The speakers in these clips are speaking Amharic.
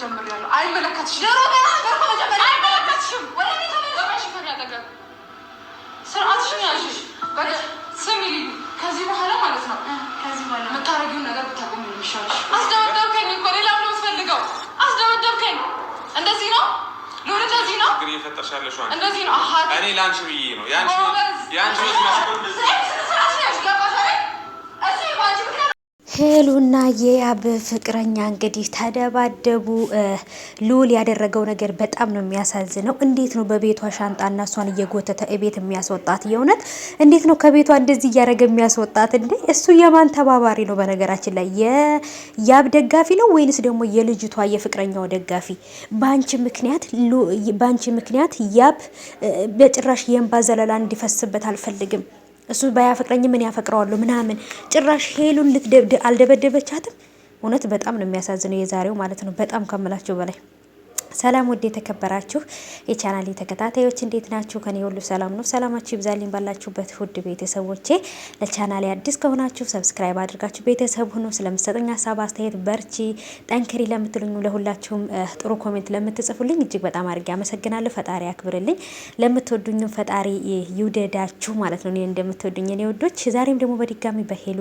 ጀምሬያለሁ። አይመለከትሽም። ከዚህ በኋላ ማለት ነው የምታረጊውን ነገር ብታቆሚ የሚሻልሽ። አስደበደብከኝ እኮ ሌላ ምንም ፈልገው አስደበደብከኝ። እንደዚህ ነው እንደዚህ ነው እንደዚህ ነው። እኔ ለአንቺ ብዬሽ ነው ሄሉና የያብ ፍቅረኛ እንግዲህ ተደባደቡ። ሉል ያደረገው ነገር በጣም ነው የሚያሳዝነው። እንዴት ነው በቤቷ እና እሷን እየጎተተ እቤት የሚያስወጣት? የእውነት እንዴት ነው ከቤቷ እንደዚህ እያደረገ የሚያስወጣት? እንዴ እሱ የማን ተባባሪ ነው? በነገራችን ላይ የያብ ደጋፊ ነው ወይንስ ደግሞ የልጅቷ የፍቅረኛው ደጋፊ? በአንቺ ምክንያት በአንቺ ምክንያት ያብ በጭራሽ የእንባ ዘለላ እንዲፈስበት አልፈልግም እሱ ባያፈቅረኝ ምን ያፈቅረዋሉ ምናምን ጭራሽ ሄሉን ልትደብድ አልደበደበቻትም። እውነት በጣም ነው የሚያሳዝነው የዛሬው ማለት ነው፣ በጣም ከምላቸው በላይ ሰላም ውድ የተከበራችሁ የቻናሌ ተከታታዮች እንዴት ናችሁ? ከኔ ሁሉ ሰላም ነው። ሰላማችሁ ይብዛልኝ ባላችሁበት ውድ ቤተሰቦቼ። ለቻናሌ አዲስ ከሆናችሁ ሰብስክራይብ አድርጋችሁ ቤተሰብ ሁኑ። ስለምሰጠኝ ሀሳብ አስተያየት፣ በርቺ ጠንክሪ ለምትሉኝ ለሁላችሁም ጥሩ ኮሜንት ለምትጽፉልኝ እጅግ በጣም አድርጌ አመሰግናለሁ። ፈጣሪ አክብርልኝ። ለምትወዱኝም ፈጣሪ ይውደዳችሁ ማለት ነው። እኔ እንደምትወዱኝ እኔ ወዶች ዛሬም ደግሞ በድጋሚ በሄሉ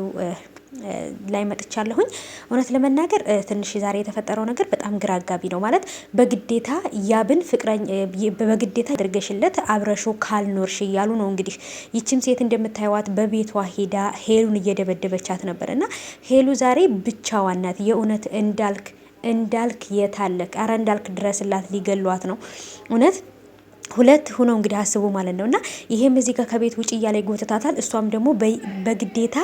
ላይ መጥቻለሁኝ። እውነት ለመናገር ትንሽ ዛሬ የተፈጠረው ነገር በጣም ግራ አጋቢ ነው። ማለት በግዴታ ያብን ፍቅረኝ በግዴታ ያድርገሽለት አብረሾ ካልኖርሽ እያሉ ነው። እንግዲህ ይችም ሴት እንደምታየዋት በቤቷ ሄዳ ሄሉን እየደበደበቻት ነበር እና ሄሉ ዛሬ ብቻዋን ናት። የእውነት እንዳልክ እንዳልክ የታለክ አረ እንዳልክ ድረስላት ሊገሏት ነው እውነት ሁለት ሆኖ እንግዲህ አስቡ ማለት ነው እና ይሄም እዚህ ጋር ከቤት ውጭ እያለ ይጎተታታል። እሷም ደግሞ በግዴታ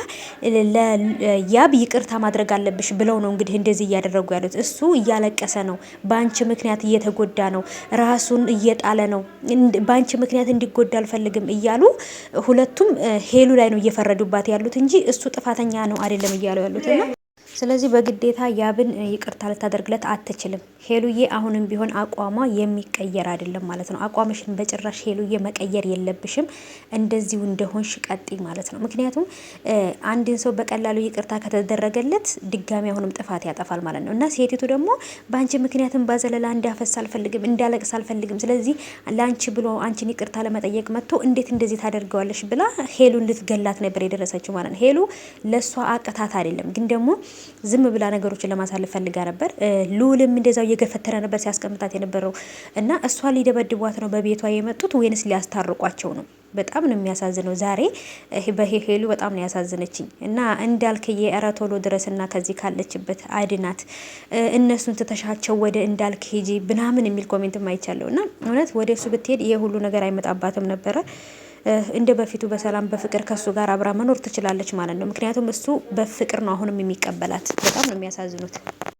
ያብ ይቅርታ ማድረግ አለብሽ ብለው ነው እንግዲህ እንደዚህ እያደረጉ ያሉት። እሱ እያለቀሰ ነው፣ በአንቺ ምክንያት እየተጎዳ ነው፣ ራሱን እየጣለ ነው፣ በአንቺ ምክንያት እንዲጎዳ አልፈልግም እያሉ ሁለቱም ሄሉ ላይ ነው እየፈረዱባት ያሉት እንጂ እሱ ጥፋተኛ ነው አይደለም እያሉ ያሉት ስለዚህ በግዴታ ያብን ይቅርታ ልታደርግለት አትችልም። ሄሉዬ አሁንም ቢሆን አቋሟ የሚቀየር አይደለም ማለት ነው። አቋምሽን በጭራሽ ሄሉዬ መቀየር የለብሽም። እንደዚሁ እንደሆንሽ ቀጥይ ማለት ነው። ምክንያቱም አንድን ሰው በቀላሉ ይቅርታ ከተደረገለት ድጋሚ አሁንም ጥፋት ያጠፋል ማለት ነው እና ሴቲቱ ደግሞ በአንቺ ምክንያትም ባዘለላ እንዳፈስ አልፈልግም፣ እንዳለቅስ አልፈልግም። ስለዚህ ለአንቺ ብሎ አንቺን ይቅርታ ለመጠየቅ መጥቶ እንዴት እንደዚህ ታደርገዋለሽ ብላ ሄሉን ልትገላት ነበር የደረሰችው ማለት ነው። ሄሉ ለእሷ አቅታት አይደለም፣ ግን ደግሞ ዝም ብላ ነገሮችን ለማሳለፍ ፈልጋ ነበር። ልውልም እንደዛው እየገፈተረ ነበር ሲያስቀምጣት የነበረው እና እሷ ሊደበድቧት ነው በቤቷ የመጡት ወይንስ ሊያስታርቋቸው ነው? በጣም ነው የሚያሳዝነው። ዛሬ በሄሉ በጣም ነው ያሳዝነችኝ እና እንዳልክዬ ኧረ ቶሎ እና ከዚህ ካለችበት አድናት፣ እነሱን ትተሻቸው ወደ እንዳልክ ሂጂ ምናምን የሚል ኮሜንትም አይቻለሁ እና እውነት ወደ እሱ ብትሄድ ይሄ ሁሉ ነገር አይመጣባትም ነበረ። እንደ በፊቱ በሰላም በፍቅር ከሱ ጋር አብራ መኖር ትችላለች ማለት ነው። ምክንያቱም እሱ በፍቅር ነው አሁንም የሚቀበላት። በጣም ነው የሚያሳዝኑት።